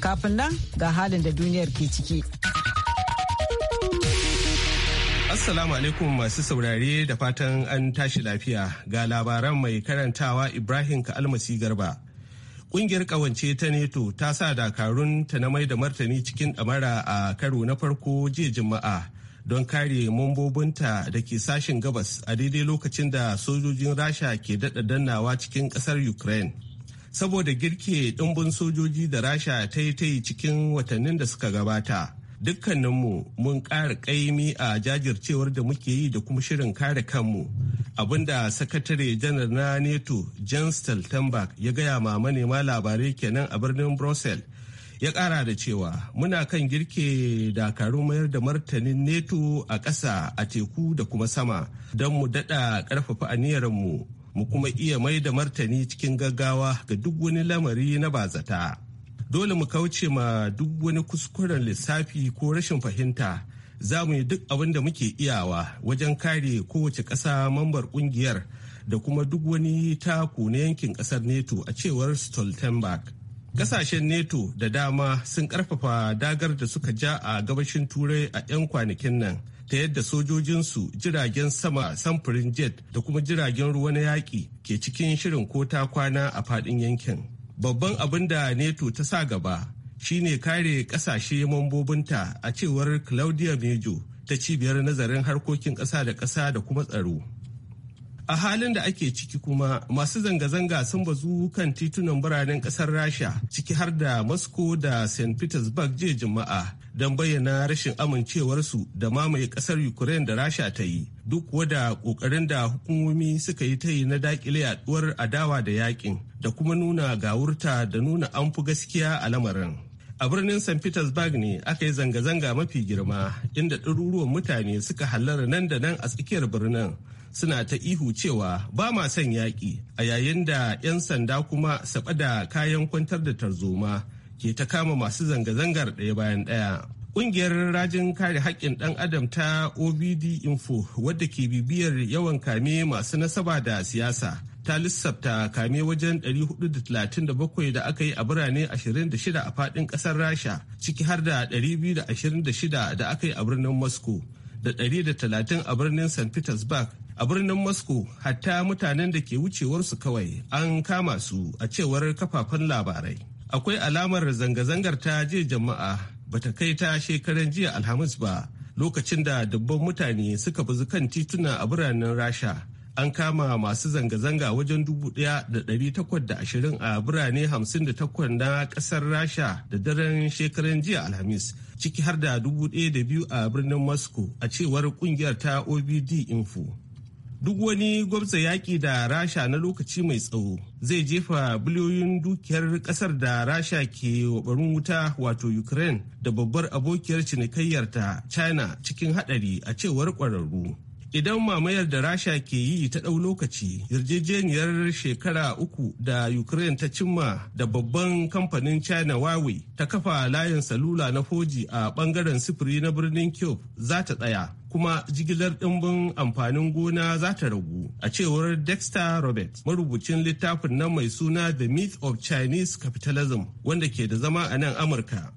Kafin nan ga halin da duniyar ke ciki. Assalamu alaikum masu saurare da fatan an tashi lafiya ga labaran mai karantawa Ibrahim Ka'almasi Garba. Kungiyar kawance ta neto ta sa dakarun ta na mai da martani cikin ɗamara a karo na farko jiya Juma'a. don kare mambobinta da ke sashen gabas a daidai lokacin da sojojin rasha ke daɗa dannawa cikin ƙasar ukraine saboda girke ɗumbin sojoji da rasha ta yi ta yi cikin watannin da suka gabata dukkaninmu mun ƙara ƙaimi a jajircewar da muke yi da kuma shirin kare kanmu abinda sakatare janar na neto jan stoltenberg ya gaya ma manema labarai kenan a birnin brussels ya ƙara da cewa muna kan girke dakarun mayar da martanin neto a ƙasa a teku da kuma sama don mu daɗa ƙarfafa aniyarmu mu kuma iya mai da martani cikin gaggawa ga duk wani lamari na bazata. Dole mu kauce ma duk wani kuskuren lissafi ko rashin fahimta za mu yi duk abin da muke iyawa wajen kare kowace ƙasa mambar ƙungiyar da kuma duk wani taku na yankin ƙasar neto a cewar stoltenberg ƙasashen neto da dama sun ƙarfafa dagar da suka ja a gabashin turai a 'yan kwanakin nan ta yadda sojojinsu jiragen sama samfurin jet da kuma jiragen ruwa na yaƙi ke cikin shirin ko ta kwana a faɗin yankin. Babban abin da neto ta sa gaba shine kare ƙasashe mambobinta a cewar Claudia Mejo ta cibiyar nazarin harkokin ƙasa da ƙasa da kuma tsaro. A halin da ake ciki kuma masu zanga-zanga sun bazu kan titunan biranen ƙasar Rasha ciki har da Moscow da St. Petersburg jiya Juma'a don bayyana rashin amincewarsu da mamaye kasar ukraine da rasha ta yi duk wada kokarin da hukumomi suka yi ta yi na dakile yaduwar adawa da yakin da kuma nuna gawurta da nuna an fi gaskiya a lamarin a birnin st petersburg ne aka yi zanga-zanga mafi girma inda ɗaruruwan mutane suka hallara nan da nan a tsakiyar birnin suna ta ihu cewa ba ma son yaƙi a yayin da 'yan sanda kuma saba da kayan kwantar da tarzoma ke ta kama masu zanga-zangar ɗaya bayan ɗaya. Ƙungiyar rajin kare haƙƙin ɗan adam ta OBD Info wadda ke bibiyar yawan kame masu nasaba da siyasa ta lissafta kame wajen 437 da aka yi a birane 26 a faɗin ƙasar Rasha ciki har da 226 da aka yi a birnin Moscow da 130 a birnin St. Petersburg a birnin Moscow hatta mutanen da ke wucewarsu kawai an kama su a cewar kafafen labarai. akwai alamar zanga-zangar ta je jama'a bata kai ta shekaran jiya alhamis ba lokacin da dubban mutane suka bazu kan tituna a biranen rasha an kama masu zanga-zanga wajen ashirin a birane hamsin da takwas na kasar rasha da daren shekaran jiya alhamis ciki har da biyu a birnin moscow a cewar kungiyar ta obd info duk wani gwamza yaƙi da rasha na lokaci mai tsawo zai jefa biliyoyin dukiyar ƙasar da rasha ke wabarin wuta wato ukraine da babbar abokiyar cinikayyar ta china cikin haɗari a cewar ƙwararru idan mamayar da rasha ke yi ta ɗau lokaci yarjejeniyar shekara uku da ukraine ta cimma da babban kamfanin china huawei ta kafa layin salula na foji a ɓangaren sifiri na birnin kyiv za ta tsaya kuma jigilar ɗimbin amfanin gona za ta ragu a cewar dexter roberts marubucin littafin nan mai suna the myth of chinese capitalism wanda ke da zama a nan amurka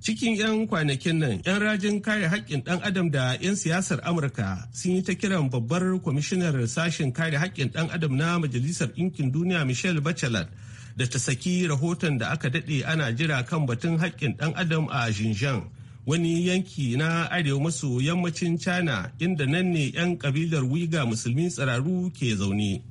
cikin 'yan kwanakin nan 'yan rajin kare haƙƙin ɗan adam da 'yan siyasar amurka sun yi ta kiran babbar kwamishinar sashen kare haƙƙin ɗan adam na majalisar ɗinkin duniya michelle bachelet da ta saki rahoton da aka daɗe ana jira kan batun haƙƙin ɗan adam a xinjiang wani yanki na arewa maso yammacin china inda nan ne 'yan kabilar wiga musulmi tsiraru ke zaune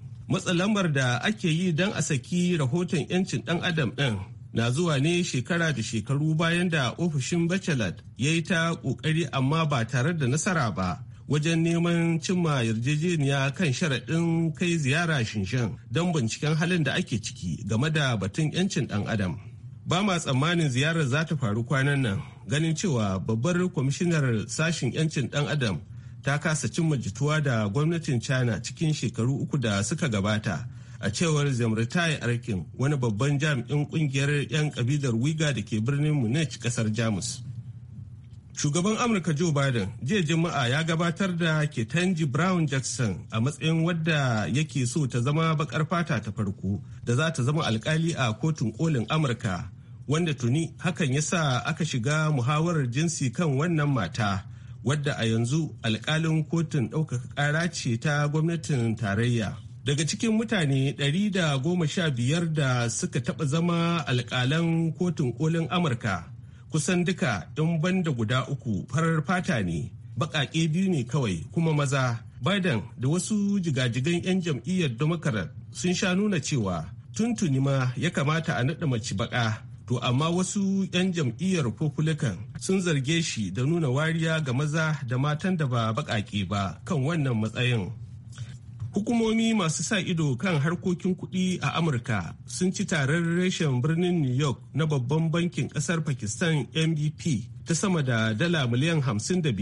lambar da ake yi don a saki rahoton 'yancin dan adam ɗin na zuwa ne shekara da shekaru bayan da ofishin bachelard ya yi ta ƙoƙari amma ba tare da nasara ba wajen neman cimma yarjejeniya kan sharaɗin kai ziyara shinshin don binciken halin da ake ciki game da batun 'yancin ɗan adam ba ma tsammanin ziyarar za ta faru kwanan nan ganin cewa babbar kwamishinar sashen 'yancin ɗan adam ta kasa cimma jituwa da gwamnatin china cikin shekaru uku da suka gabata a cewar zamritai arkin wani babban jami'in kungiyar 'yan kabilar wiga da ke birnin munich kasar jamus shugaban amurka joe biden jiya juma'a ya gabatar da ketanji brown jackson a matsayin wadda yake so ta zama baƙar fata ta farko da za ta zama alkali a kotun kolin amurka wanda tuni hakan ya sa aka shiga muhawarar jinsi kan wannan mata wadda a yanzu alkalin kotun ɗaukaka ƙara ce ta gwamnatin tarayya daga cikin mutane 115 da suka taɓa zama alkalan kotun kolin amurka kusan duka ɗin banda guda uku farar fata ne baƙaƙe biyu ne kawai kuma maza biden da wasu jigajigan 'yan jam'iyyar democrat sun sha nuna cewa tuntuni ma ya kamata a naɗa mace baƙa To amma wasu 'yan jam'iyyar Republican sun zarge shi da nuna wariya ga maza da matan da ba baƙaƙe ba kan wannan matsayin. Hukumomi masu sa ido kan harkokin kuɗi a Amurka sun ci tarar reshen birnin New York na babban bankin ƙasar Pakistan MBP e ta sama da dala miliyan 55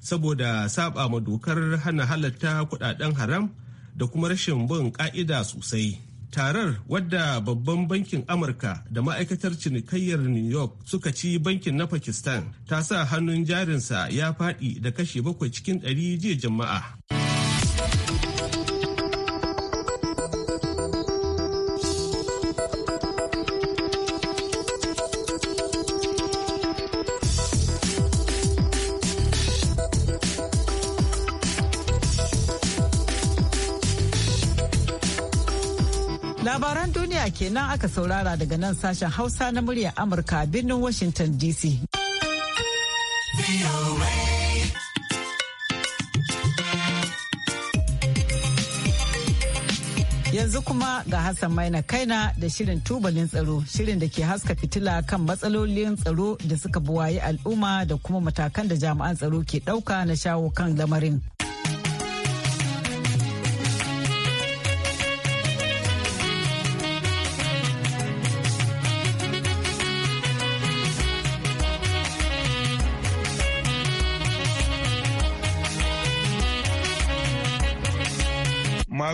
saboda saba ma dokar hana halatta kuɗaɗen haram da kuma rashin bin ƙa'ida sosai. tarar wadda babban bankin amurka da ma'aikatar cinikayyar new york suka ci bankin na pakistan ta sa hannun jarinsa ya faɗi da kashe bakwai cikin ɗari jiya jama'a. kenan aka saurara daga nan sashen Hausa na muryar Amurka a birnin Washington DC. Yanzu kuma ga Hassan Maina Kaina da shirin tubalin tsaro, shirin da ke haska fitila kan matsalolin tsaro da suka buwaye al'umma da kuma matakan da jami'an tsaro ke ɗauka na shawo kan lamarin.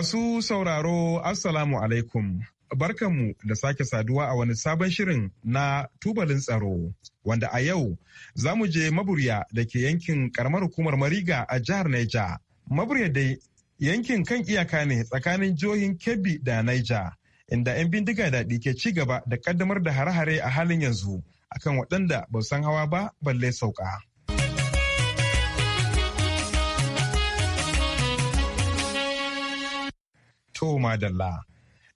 Masu sauraro Assalamu alaikum. Barkanmu da sake saduwa a wani sabon shirin na tubalin tsaro wanda a yau za mu je maburya da ke yankin karamar hukumar Mariga a jihar Neja. Maburya dai yankin kan iyaka ne tsakanin jihohin Kebbi da Naija inda 'yan bindiga daɗi ke ci gaba da kaddamar da hare-hare a halin yanzu akan waɗanda ba san hawa ba balle sauka. To madalla.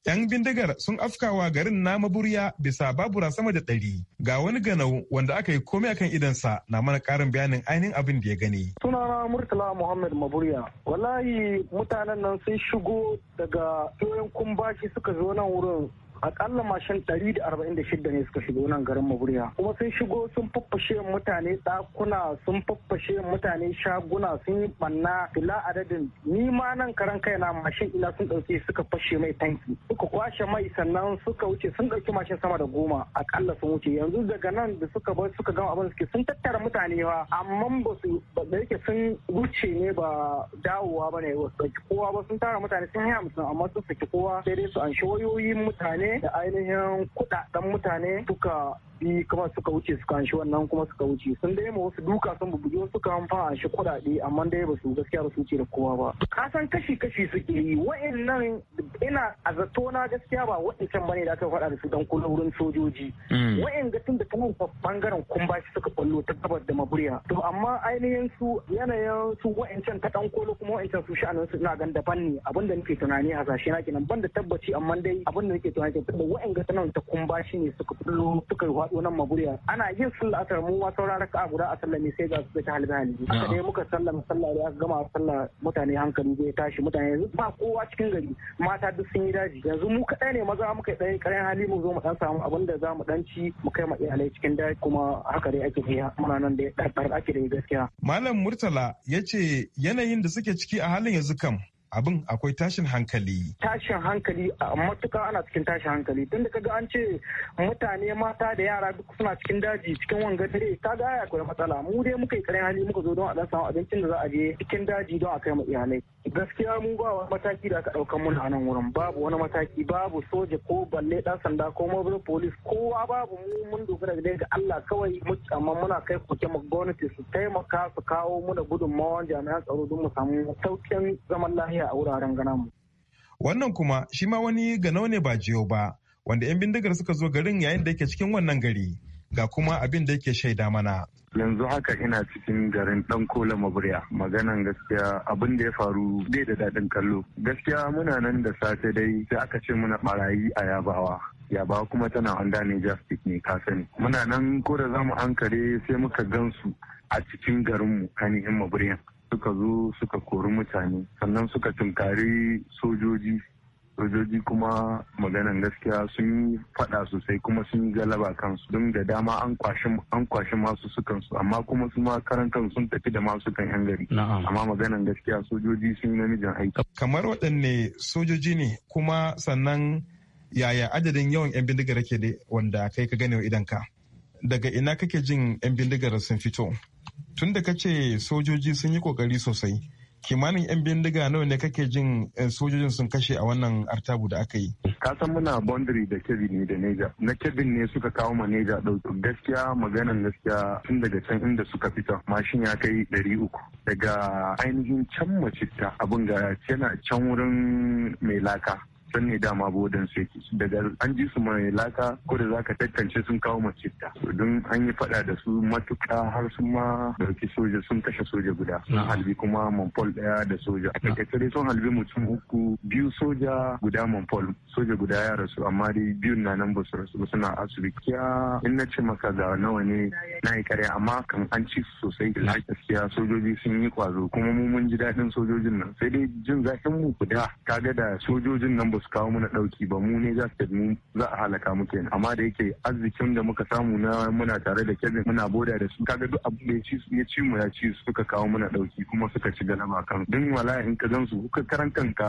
'Yan bindigar sun afkawa garin na maburya bisa babura sama da ɗari. Ga wani ganau wanda aka yi komai akan idansa na mana ƙarin bayanin ainihin abin da ya gani. Sunana Murtala Muhammad Maburya. Wallahi mutanen nan sun shigo daga doyon kumbashi suka zo nan wurin akalla mashin 146 ne suka shigo nan garin maburiya kuma sun shigo sun faffashe mutane dakuna sun faffashe mutane shaguna sun yi banna ila adadin ni ma nan karan kai na mashin ina sun ɗauke suka fashe mai tanki suka kwashe mai sannan suka wuce sun ɗauki mashin sama da goma akalla sun wuce yanzu daga nan da suka bar suka gama abin suke sun tattara mutane ba amma ba su da yake sun wuce ne ba dawowa ba ne kowa ba sun tara mutane sun haya mutum amma sun saki kowa sai dai su anshi wayoyin mutane da ainihin kudaden mutane suka bi kuma suka wuce suka shi wannan kuma suka wuce sun dai ma wasu duka sun bubuge wasu kan fa shi kudade amma dai ba su gaskiya ba su wuce da kowa ba ka san kashi kashi suke yi wa'annan ina a zato na gaskiya ba wa'ancan bane da aka faɗa da su dan kula wurin sojoji mm. wa'annan ga tun da kuma bangaren shi suka kwallo ta gabar da maburiya to amma ainihin su yanayin su wa'ancan ta dan kolo kuma wa'annan su sha'anin su ina gan daban ne abinda nake tunani hasashe na kenan ban da tabbaci amma dai abinda nake tunani ke wa'in ga tanan ta shi ne suka kwallo suka yi faɗo nan maguriya ana yin sallah asar mu ma sauran raka'a guda a sallame sai ga su ta halbi hali haka dai muka sallama sallah da aka gama sallah mutane hankali zai tashi mutane yanzu ba kowa cikin gari mata duk sun yi daji yanzu mu kaɗai ne maza muka yi ɗayan ƙarin hali mu zo mu ɗan samu abin da za mu ɗan ci mu kai ma iyalai cikin daji kuma haka dai ake yi muna nan da ya ɗarɗar ake da gaskiya. Malam Murtala ya ce yanayin da suke ciki a halin yanzu kam abin akwai tashin hankali. Tashin hankali a matuka ana cikin tashin hankali tun da kaga an ce mutane mata da yara duk suna cikin daji cikin wanga dare ta ga ya matsala mu dai muka yi karin hali muka zo don a dan samu abincin da za a je cikin daji don a kai mu iyalai. Gaskiya mu ba wani mataki da aka ɗaukan mun a nan wurin babu wani mataki babu soja ko balle ɗan sanda ko mobile police kowa babu mu mun dogara da ga Allah kawai amma muna kai koke mu gwamnati su taimaka su kawo muna gudunmawan jami'an tsaro don mu samu sauƙin zaman lahiya a wuraren ganamu. Wannan kuma shi ma wani gano ne ba jiyo ba wanda 'yan bindigar suka zo garin yayin da yake cikin wannan gari ga kuma abin da yake shaida mana. yanzu haka ina cikin garin dan kola maburya maganan gaskiya abin da ya faru bai da daɗin kallo gaskiya muna nan da safe dai sai aka ce muna barayi a yabawa yabawa kuma tana wanda ne jastic ne ka sani muna nan ko da zamu ankare sai muka gansu a cikin garinmu kanihin maburyan suka zo suka kori mutane sannan suka tunkari sojoji sojoji kuma maganan gaskiya sun yi fada sosai kuma sun yi galaba kansu don da dama an kwashe masu sukan su amma kuma su ma kansu sun tafi da masu kan yan gari amma maganan gaskiya sojoji sun yi namijin aiki kamar waɗanne sojoji ne kuma sannan yaya adadin yawan yan bindigar ke dai wanda kai ka wa idan ka daga ina kake jin yan bindigar sun fito tun da kace sojoji sun yi kokari sosai kimanin yan bindiga nawa ne kake jin eh, sojojin sun kashe a wannan artabu da aka yi ka san muna boundary da kebin ne da neja na kebin ne suka kawo ma neja dauki gaskiya maganan gaskiya tun daga can inda suka fita mashin ya kai ɗari uku daga ainihin can macitta abin ga yana can wurin mai laka san ne dama bodan su yake daga an ji su mai laka ko da zaka tattance sun kawo mace ta don an yi fada da su matuka har su ma dauki soja sun kashe soja guda sun halbi kuma manfol daya da soja a takaice sun halbi mutum uku biyu soja guda manfol soja guda ya rasu amma dai biyun na nan ba rasu ba suna asibiti ya in na ce maka ga nawa ne na yi karya amma kan an ci su sosai gaskiya sojoji sun yi kwazo kuma mu mun ji daɗin sojojin nan sai dai jin zafin mu guda Ka ga da sojojin nan ba su kawo mana dauki ba mu ne za su za a halaka mu kenan amma da yake arzikin da muka samu na muna tare da kebin muna boda da su kaga duk abu da ya ci mu ya ci suka kawo mana ɗauki, kuma suka ci galaba kan din wala in ka gan su ka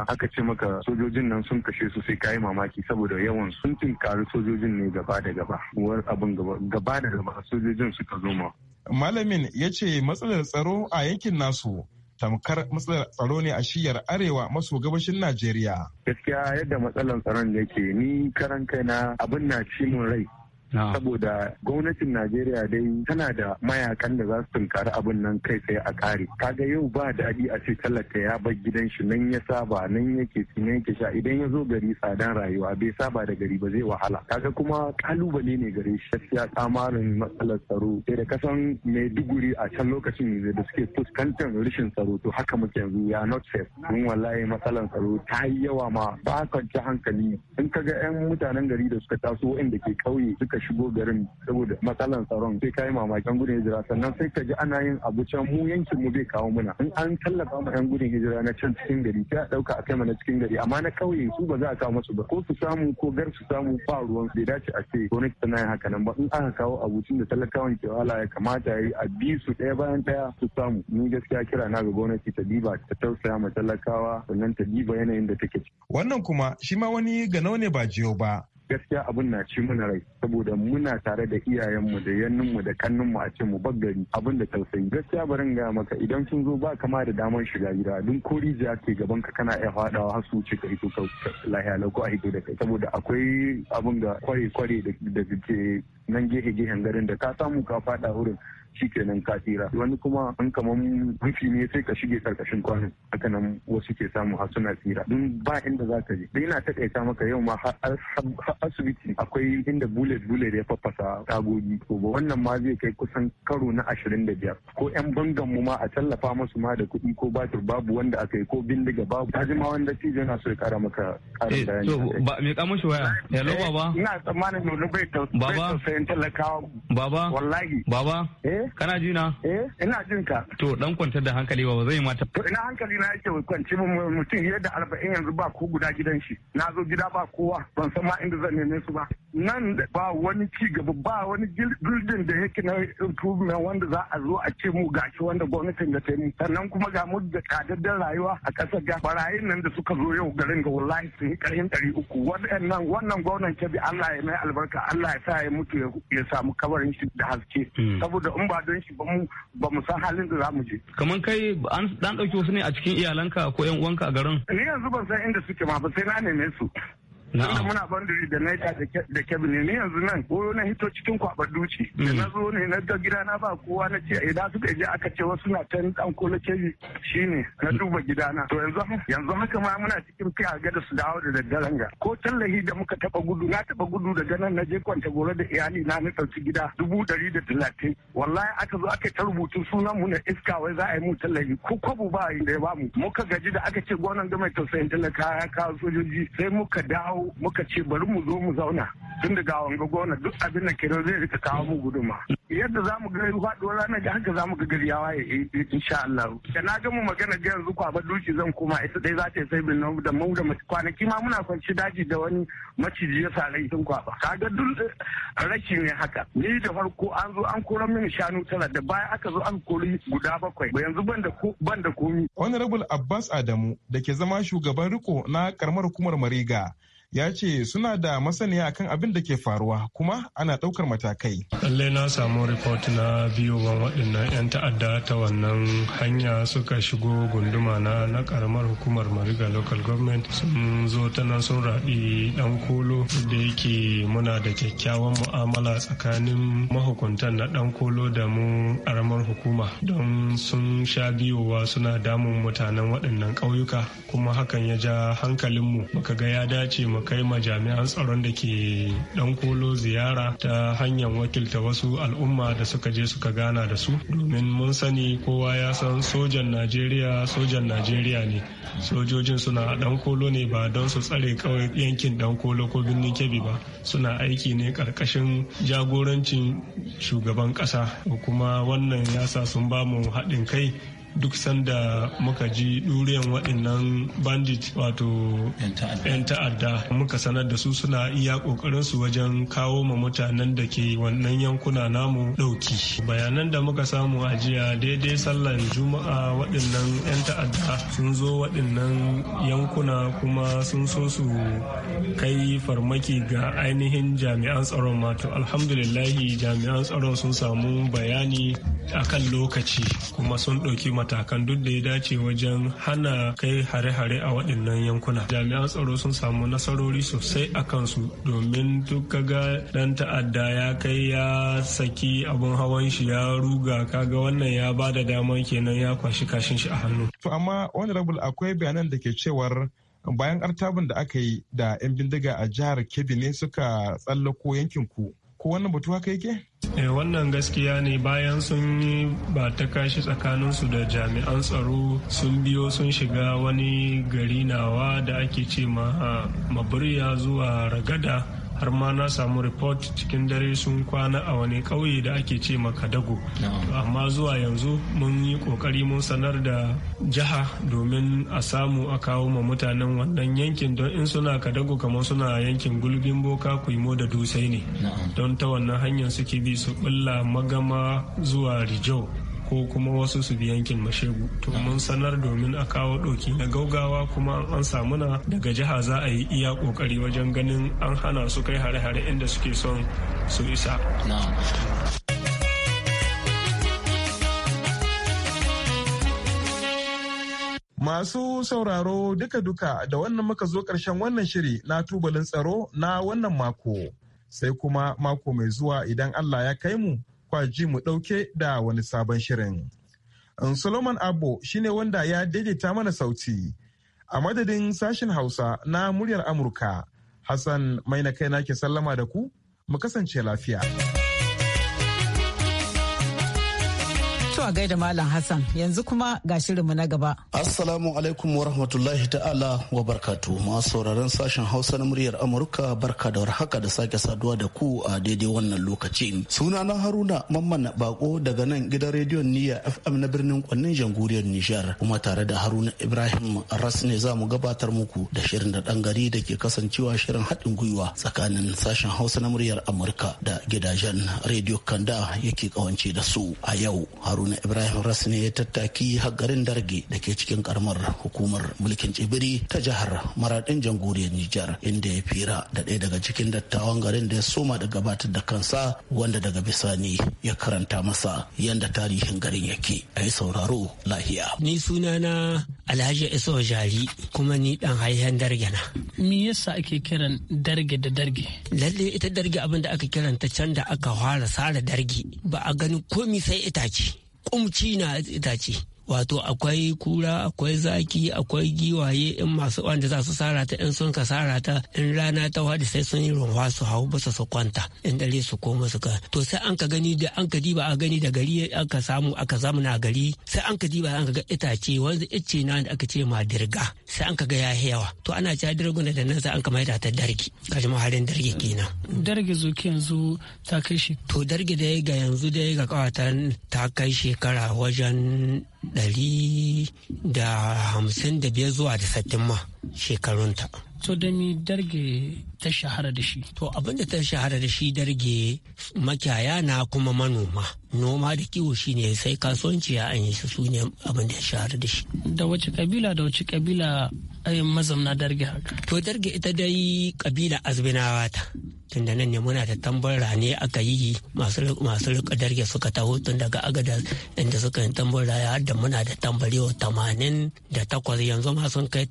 aka ce maka sojojin nan sun kashe su sai yi mamaki saboda yawan sun tinkari sojojin ne gaba da gaba war abin gaba da gaba sojojin suka zo ma malamin ya ce matsalar tsaro a yankin nasu tamkar matsalar tsaro ne a shiyar arewa maso gabashin Najeriya. Gaskiya yadda matsalar tsaron yake ni karan kaina abin na cimin rai saboda gwamnatin najeriya dai tana da mayakan da za su tunkari abin nan kai tsaye a kare kaga yau ba daɗi a ce talaka ya bar gidan shi nan ya saba nan yake ci nan yake sha idan ya zo gari tsadan rayuwa bai saba da gari ba zai wahala kaga kuma kalubale ne gare shi gaskiya matsalar tsaro sai da kasan maiduguri a can lokacin da suke fuskantar rashin tsaro to haka muke yanzu ya not safe mun wallahi matsalar tsaro ta yi yawa ma ba kwanci hankali in kaga yan mutanen gari da suka taso waɗanda ke kauye suka ka shigo garin saboda matsalan tsaron sai ka yi mamakin gudun hijira sannan sai ka ji ana yin abu can mu yankin mu bai kawo muna in an tallafa ma yan gudun hijira na can cikin gari sai a dauka a kai mana cikin gari amma na kauye su ba za a kawo musu ba ko su samu ko gar su samu ba ruwan bai dace a ce gwamnati tana yin haka nan ba in aka kawo tun da talakawan ke wala ya kamata ya yi a bi su ɗaya bayan ɗaya su samu ni gaskiya kira na ga gwamnati ta diba ta tausaya ma talakawa sannan ta diba yanayin da take ciki. Wannan kuma shi ma wani ganau ne ba jiyo ba gaskiya abin na ci muna rai saboda muna tare da iyayenmu da yanninmu da kanninmu a ce mu baggari abin da tausayi gaskiya barin gaya maka idan sun zo ba kama da damar shiga gida dun ko rijiya ke gaban ka kana iya fadawa har su wuce ka ka lahiya lauko a hito da kai saboda akwai abin da kware kware da ke nan gehe-gehen garin da ka samu ka faɗa wurin shikenan ka tsira wani kuma an kamar rufi ne sai ka shige karkashin kwanan haka nan wasu ke samu har suna tsira don ba inda za ka je ina taƙaita maka yau ma har asibiti akwai inda bullet bullet ya faffasa tagogi ko ba wannan ma zai kai kusan karo na ashirin da biyar ko yan bangan mu ma a tallafa musu ma da kuɗi ko batir babu wanda aka yi ko bindiga babu ta ma wanda cizo yana so ya kara maka karin eh, bayani. to ba me kama shi waya hello eh, baba. ina tsammanin nuna bai tausayi. baba 'yan talakawa baba wallahi baba eh kana jina eh ina jin ka to dan kwantar da hankali baba zai mata to ina hankali na yake kwanci mutum yadda arba'in yanzu ba ko guda gidan shi na zo gida ba kowa ban san ma inda zan neme su ba nan ba wani ci gaba ba wani building da yake na improvement wanda za a zo a ce mu gashi wanda gwamnatin da ta yi sannan kuma ga mu da kadaddan rayuwa a kasar ga barayin nan da suka zo yau garin ga wallahi sun yi ƙarfin ɗari uku wannan wannan gwamnan ke bi Allah ya mai albarka Allah ya sa ya mutu ya ya samu kabarin shi da haske hmm. saboda in ba don shi ba mu san halin da za mu je Kamar kai an dan dauki wasu ne a cikin iyalanka ko yan uwanka a garin ni yanzu ban san inda suke ma ba sai na neme su Tunda muna bandiri da naita da kebine ne yanzu nan ko na hito cikin kwabar duci. Da mm. na zo ne na ga gida na ba kowa na ce idan suka je aka ce wasu na ta dan kola keji shine na mm. duba gidana. To yanzu yanzu haka ma muna cikin kai a gada su dawo da daddaren ga. Ko tallahi da muka taba gudu na taba gudu daga nan na je kwanta gore da iyali na na ɗauki gida dubu ɗari da talatin. Wallahi aka zo aka ta rubutu sunan mu na iska wai za a yi mu tallahi ko kwabo ba inda ya ba mu. Muka gaji da aka ce gwanan da mai tausayin talaka ya kawo sojoji sai muka dawo dawo muka ce bari mu zo mu zauna tun daga wanga gona duk abin da kenan zai rika kawo mu guduma yadda za mu gari faɗuwar ranar da haka za mu ga gari ya waye eh, insha Allah da na gama magana ga yanzu kwaba duci zan koma ita dai za ta sai bin da mu da kwanaki ma muna kwanci daji da wani maciji ya sare tun Ka kaga duk eh, raki ne haka ni da farko an zo an koran min shanu tara da baya aka zo an kori guda bakwai ba yanzu ban da ban da komi honorable Abbas Adamu da ke zama shugaban riko na karamar hukumar Mariga ya ce suna da masaniya akan abin da ke faruwa kuma ana ɗaukar matakai. Lalle na samu report na biyu ban waɗannan 'yan ta'adda ta wannan hanya suka shigo gunduma na na ƙaramar hukumar Mariga Local Government sun zo ta nan sun raɗi ɗan kolo da yake muna da kyakkyawan mu'amala tsakanin mahukuntan na ɗan kolo da mu ƙaramar hukuma don sun sha biyowa suna damun mutanen waɗannan ƙauyuka kuma hakan ya ja hankalinmu muka ga ya dace mu mu kai ma jami'an tsaron da ke dan kolo ziyara ta hanyar wakilta wasu al'umma da suka je suka gana da su domin mun sani kowa ya san sojan najeriya sojan najeriya ne sojojin suna a dan kolo ne ba don su tsare kawai yankin dan kolo ko birnin kebbi ba suna aiki ne karkashin jagorancin shugaban kasa kuma wannan ya sa sun bamu haɗin kai duk sanda muka ji ɗuriyan waɗannan bandit wato 'yan ta'adda muka sanar da su suna iya ƙoƙarin su wajen kawo ma mutanen da ke wannan yankuna namu ɗauki bayanan da muka samu a jiya daidai sallan juma'a waɗannan 'yan ta'adda sun zo waɗannan yankuna kuma sun so su kai farmaki ga ainihin jami'an tsaron mato alhamdulillahi jami'an tsaron sun samu bayani akan lokaci kuma sun ɗauki matakan duk da ya dace wajen hana kai hare-hare a waɗannan yankuna jami'an tsaro sun samu nasarori sosai a kansu domin duk kaga dan ta'adda ya kai ya saki abun hawan shi ya ruga kaga wannan ya ba da damar kenan ya kwashi kashin shi a hannu to amma rabul akwai bayanan da ke cewar bayan artabin da aka yi da 'yan bindiga a jihar kebbi ne suka tsallako yankin ku ko wannan batu haka yake? Eh, wannan gaskiya ne bayan sun yi ba ta kashi tsakaninsu da jami'an tsaro sun biyo sun shiga wani gari nawa da ake ce ma ah, maburya zuwa ragada har ma na samu report cikin dare sun kwana a wani ƙauye da ake ce makadago amma zuwa yanzu mun yi ƙoƙari mun sanar da jiha domin a samu a kawo ma mutanen wannan yankin don in suna kadago kamar suna yankin gulbin boka kuimo da dusai ne don ta wannan hanyar suke bi su bulla magama zuwa rijo ko kuma wasu su bi yankin mashegu to mun sanar domin a kawo ɗoki. na gaugawa kuma an samu na daga jiha za a yi iya kokari wajen ganin an hana su kai hare-hare inda suke son su isa Masu sauraro duka-duka da wannan muka zo ƙarshen wannan shiri na tubalin tsaro na wannan mako, sai kuma mako mai zuwa idan Allah ya kai mu kwa ji mu ɗauke da wani sabon shirin. Solomon Abbo shine wanda ya daidaita mana sauti. A madadin sashen Hausa na muryar Amurka, Hassan mai na kai na ke sallama da ku, mu kasance lafiya. a gaida Malam Hassan yanzu kuma ga shirinmu na gaba. Assalamu alaikum wa rahmatullahi ta'ala wa barkatu masu sauraron sashen Hausa na muryar Amurka barka da warhaka da sake saduwa da ku a daidai wannan lokaci. Suna na Haruna Mamman Bako daga nan gidan rediyon Niyya FM na birnin Kwannin Jamhuriyar Nijar kuma tare da Haruna Ibrahim Ras ne za mu gabatar muku da shirin da dan gari da ke kasancewa shirin haɗin gwiwa tsakanin sashen Hausa na muryar Amurka da gidajen rediyo Kanda yake kawance da su a yau Haruna Ibrahim Rasne ya tattaki har garin Darge da ke cikin karamar hukumar mulkin Tsibiri ta jihar Maradin Jamhuriyar Nijar inda ya fira da ɗaya daga cikin dattawan garin da ya soma da gabatar da kansa wanda daga bisani ya karanta masa yadda tarihin garin yake a yi sauraro lahiya. Ni sunana Alhaji Iso Jari kuma ni dan haihen Darge na. Me yasa ake kiran Darge da Darge? Lalle ita Darge abin da aka kiranta can da aka fara sare Darge ba a gani komi sai itace. kumci na itace wato akwai kura akwai zaki akwai giwaye in masu wanda za su sara ta in sun ka sarata ta in rana ta wadi sai sun yi runwa su hau basa su kwanta in dare su koma su ka to sai an ka gani da an ka diba a gani da gari an ka samu aka zama na gari sai an ka diba an ka ga itace wanda itace na da aka ce ma dirga sai an ka ga ya yawa to ana cewa dirguna da nan sai an ka maida ta dargi kaji maharin dargi kenan dargi ki yanzu ta kai shi to dargi da ya ga yanzu da ya ga kawata ta kai shekara wajen ɗari da hamsin da biyar zuwa da sattin ma shekarunta. To da mi darge ta shahara da shi? To abinda ta shahara da shi darge makiyaya na kuma manoma. Noma da kiwo shi ne sai kasuwanci ya an yi su su ne abinda ya shahara da shi. Da wace kabila da wace kabila ayin eh, mazamna darge haka? To darge ita dai kabila azbinawa ta. tunda nan ne muna da tambar rane aka yi masu rika darge suka taho tun daga agada inda suka yi tambar rane har da muna da tambarewa tamanin da takwas yanzu ma sun kai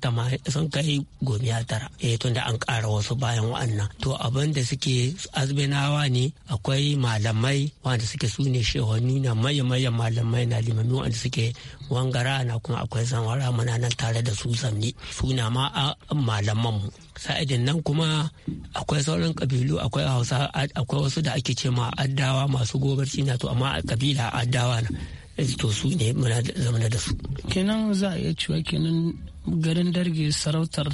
kai gobe ya tara eh tunda an kara wasu bayan wannan to abin da suke azbinawa ne akwai malamai wanda suke su ne shehoni na maye-maye malamai na limami wanda suke wangara na kuma akwai zanwara muna nan tare da su sanni suna ma malaman mu sa'idin nan kuma akwai sauran kabilu akwai hausa akwai wasu da ake ce ma addawa masu gobarci na to amma kabila addawa na eh, to su ne muna zama da su kenan za a iya cewa kenan garin darge sarautar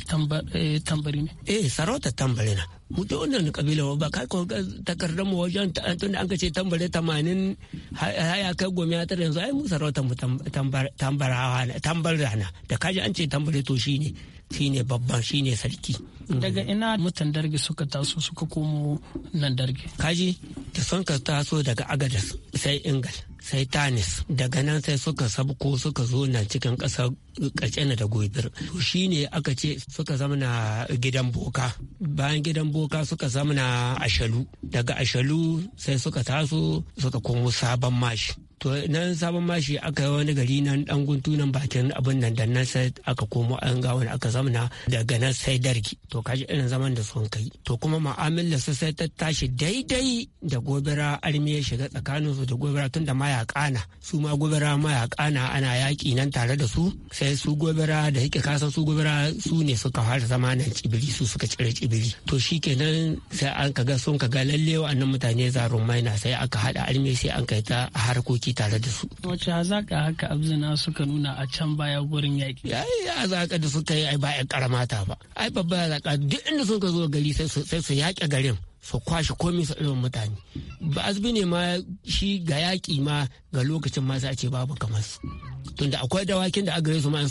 eh, tambari ne eh sarautar tambari na mutu wannan kabila ba kai ko takardar mu wajen tunda an ce tambare 80 haya kai gomi ta yanzu ai mu sarautar mu tambarawa tambara na da kaji an ce tambare to shine shine babban shine sarki daga ina mutan darge suka taso suka komo nan darge kaji da sun ka taso daga agadas sai ingal sai tanis daga nan sai suka sabko suka zo na cikin ƙasar kacena da gobir to shine aka ce suka zama na gidan boka bayan gidan boka suka zama na ashalu daga ashalu sai suka taso suka komo sabon mashi to nan sabon mashi aka yi wani gari nan dan guntu nan bakin abin nan da nan sai aka komo an ga wani aka zamana daga nan sai dargi to kaji irin zaman da sun kai to kuma ma'amala su sai ta tashi daidai da gobera armi shiga tsakanin su da gobera tun da mayaka na su ma gobera mayaka na ana yaki nan tare da su sai su gobera da yake kasan su gobera su ne suka fara zama nan cibiri su suka cire cibiri to shikenan sai an kaga sun kaga lalle wa'annan mutane zarumai na sai aka hada armi sai an kai ta harkoki tare da su. Wace hazaƙa haka abzina suka nuna a can baya gurin yaƙi? Ya yi da suka yi ai ba ƴan ƙaramata ba. Ai babba hazaƙa duk inda suka zo gari sai su yaƙe garin. su kwashe komai su irin mutane ba azbi ne ma shi ga yaƙi ma ga lokacin ma sai a ce babu kamar su tunda akwai dawakin da agare su ma in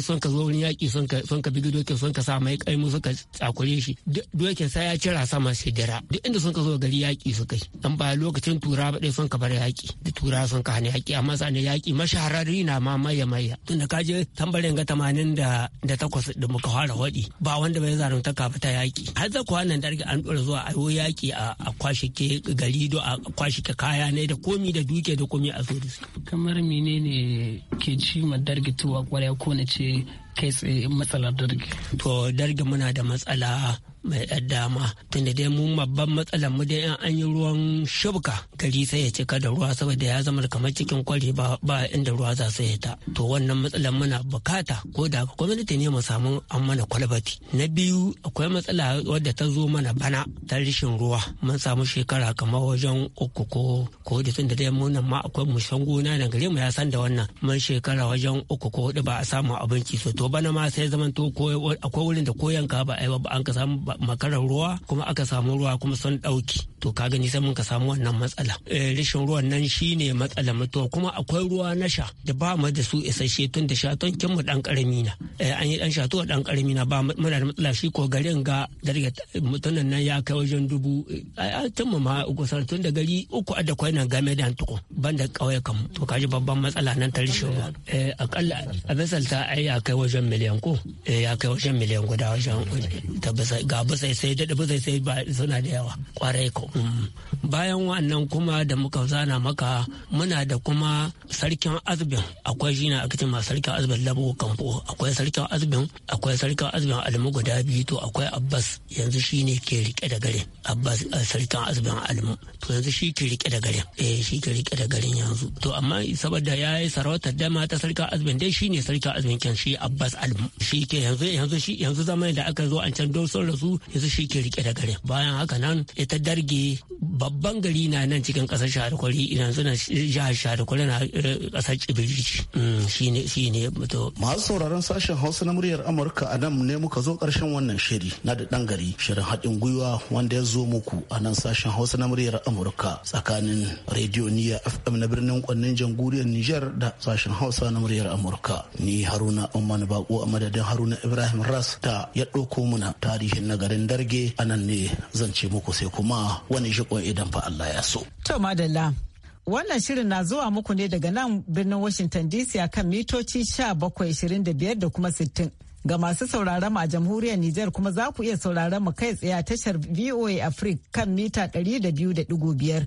son ka zo wani yaƙi son ka bigi dokin son ka sa mai kaimu suka tsakure shi dokin sai ya cira sama sai dira duk inda son ka zo gari yaƙi su kai an ba lokacin tura ba dai son ka bar yaƙi da tura son ka hana yaƙi amma sa ne yaƙi mashahararri na ma maya maya tunda ka je tambarin ga tamanin da takwas da muka fara waɗi ba wanda bai ta ka ta yaƙi har za ku wannan dargi an dora zuwa ayo yaƙi a kwashe ke gari do a kwashe ke kaya ne da komi da duke da komi a so da su. kamar menene ke ci ma dargituwa kwarya ko na ce kai tsaye matsalar darge. To darge muna da matsala mai dama tunda dai mu babban matsalar mu dai an yi ruwan shubka gari sai ya cika da ruwa saboda ya zama kamar cikin kwari ba inda ruwa za su ta to wannan matsalar muna bukata ko da gwamnati ne mu samu an mana kwalbati na biyu akwai matsala wadda ta zo mana bana ta rishin ruwa mun samu shekara kamar wajen uku ko ko da tunda dai mu nan ma akwai mushan gona da gare mu ya san da wannan mun shekara wajen uku ko hudu ba a samu abinci so to bana ma sai to akwai wurin da koyan ka ba ba an ka samu makarar ruwa kuma aka samu ruwa kuma sun dauki. to ka gani sai mun ka samu wannan matsala eh, rashin ruwan nan shine matsala to kuma akwai ruwa na sha da ba mu da su isasshe tun da kin mu dan karami na eh, an yi dan shato dan karami na ba muna da matsala shi ko garin ga daga mutanen nan ya kai wajen dubu a tun mu ma kusan tun da gari uku a da nan game da tukun ban da kam to kaji babban matsala nan ta rashin ruwa eh, akalla a misalta ai ya kai wajen wajen miliyan ko eh, ya kai wajen miliyan guda wajen ga busai sai daɗa busai sai suna da yawa kwarai ko mm. bayan wannan kuma da muka zana maka muna da kuma sarkin azubin akwai shi na aka ma sarkin azubin labo kamfo akwai sarkin azubin akwai sarkin azubin almu guda biyu to akwai abbas yanzu shi ne ke rike da gare abbas eh, sarkin azubin almu to yanzu shi ke rike da gare eh shi ke rike da garin yanzu to amma saboda ya yi sarautar dama ta sarkin azubin dai shi ne sarkin azubin kyan shi abbas fas'alhum shi ke yanzu yanzu shi yanzu zaman da aka zo an can don rasu yanzu shi ke rike da gare bayan haka nan ita darge babban gari na nan cikin kasar shahadakwari idan suna jihar shahadakwari na kasar eh, cibiri mm, shi ne shi ne masu sauraron sashen hausa na muryar amurka a nan ne muka zo karshen wannan shiri na da dan gari shirin haɗin gwiwa wanda ya zo muku a nan sashen hausa na muryar amurka tsakanin rediyo niya fm na birnin kwannin jamhuriyar niger da sashen hausa na muryar amurka ni haruna umman bako a madadin haruna ibrahim ras ta ya ɗauko muna tarihin nagarin garin darge anan ne zan ce muku sai kuma wani shiƙon idan fa allah ya so to madalla Wannan shirin na zuwa muku ne daga nan birnin Washington DC a kan mitoci sha bakwai 1725 da kuma sittin. Ga masu sauraron mu a jamhuriyar Nijar kuma za ku iya sauraron mu kai tsaye tashar VOA Africa kan mita ɗari da da ɗigo biyar.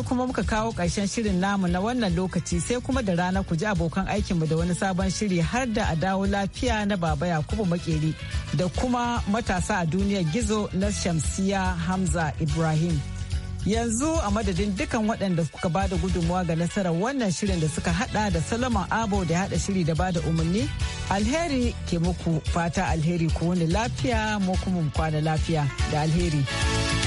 sai kuma muka kawo ƙarshen shirin namu na wannan lokaci sai kuma da rana ku ji abokan aikinmu da wani sabon shiri har da a dawo lafiya na baba yakubu makeri da kuma matasa a duniyar gizo na shamsiya hamza ibrahim yanzu a madadin dukan waɗanda suka ba da gudunmawa ga nasarar wannan shirin da suka hada da salomon abo da hada shiri da bada da umarni alheri ke muku fata alheri ku wani lafiya mu kuma kwana lafiya da alheri.